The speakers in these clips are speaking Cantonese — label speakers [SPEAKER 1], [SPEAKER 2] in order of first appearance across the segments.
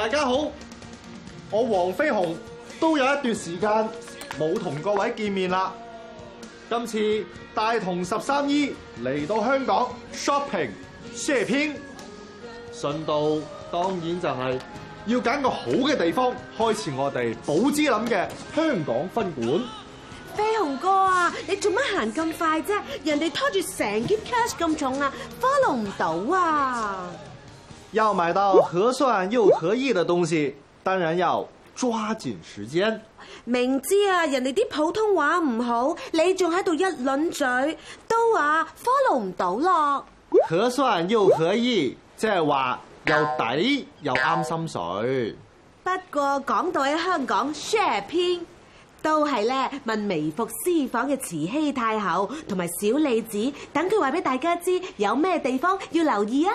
[SPEAKER 1] 大家好，我黃飛鴻都有一段時間冇同各位見面啦。今次帶同十三姨嚟到香港 shopping shopping，順道當然就係要揀個好嘅地方，開設我哋寶芝林嘅香港分館。
[SPEAKER 2] 飛鴻哥啊，你做乜行咁快啫？人哋拖住成件 cash 咁重啊，follow 唔到啊！
[SPEAKER 1] 要買到合算又合意的東西，當然要抓緊時間。
[SPEAKER 2] 明知啊，人哋啲普通話唔好，你仲喺度一輪嘴，都話 follow 唔到咯。
[SPEAKER 1] 合算又合意，即係話又抵又啱心水。
[SPEAKER 2] 不過講到喺香港血拼，都係咧問微服私訪嘅慈禧太后同埋小李子，等佢話俾大家知有咩地方要留意啊！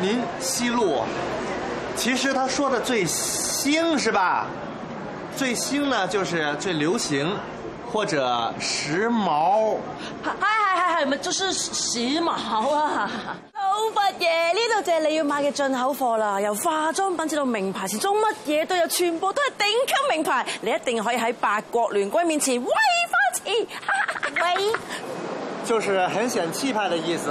[SPEAKER 1] 您西路，其實他說的最新是吧？最新呢就是最流行或者時髦。
[SPEAKER 2] 哎哎哎哎，咪就是時髦啊！老佛爺，呢度就係你要買嘅進口貨啦，由化妝品至到名牌時裝，乜嘢都有，全部都係頂級名牌，你一定可以喺八國聯軍面前威翻天威！啊，
[SPEAKER 1] 就是很顯氣派的意思。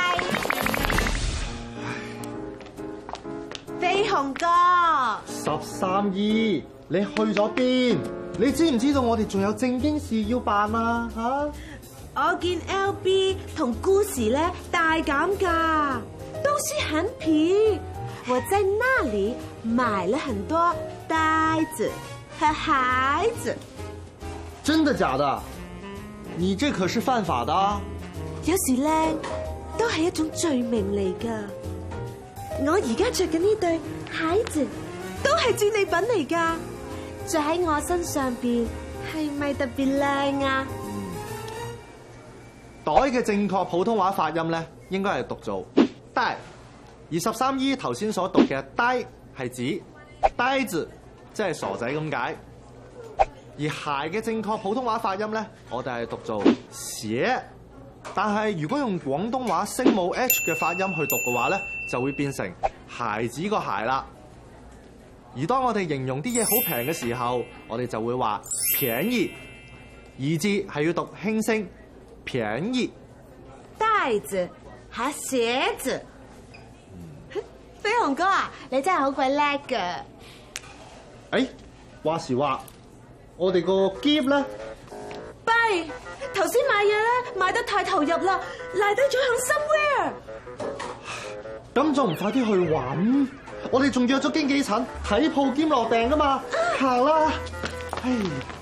[SPEAKER 2] 飛鴻哥，
[SPEAKER 1] 十三姨，你去咗邊？你知唔知道我哋仲有正經事要辦啊？吓！我
[SPEAKER 2] 見 L B 同姑時咧大減價，東西很便宜，我在那裏買了很多袋子和孩子。
[SPEAKER 1] 真的假的？你這可是犯法的。
[SPEAKER 2] 有時靚都係一種罪名嚟噶。我而家着緊呢對鞋子，都係戰利品嚟噶，着喺我身上邊，係咪特別靚啊？嗯、
[SPEAKER 1] 袋嘅正確普通話發音咧，應該係讀做 dài，而十三姨頭先所讀嘅 dāi 係指呆字，即係傻仔咁解。而鞋嘅正確普通話發音咧，我哋係讀做鞋。但係如果用廣東話聲母 h 嘅發音去讀嘅話咧，就會變成孩子個鞋啦。而當我哋形容啲嘢好平嘅時候，我哋就會話便宜」，以至係要讀輕聲便宜」
[SPEAKER 2] 袋子。鞋子嚇鞋子，飛鴻哥啊，你真係好鬼叻㗎。誒，
[SPEAKER 1] 話時話，我哋個夾咧。
[SPEAKER 2] 頭先買嘢咧，買得太投入啦，賴低咗響 somewhere。
[SPEAKER 1] 咁仲唔快啲去揾？我哋仲約咗經紀層睇鋪兼落訂噶嘛，行啦。嘿、啊。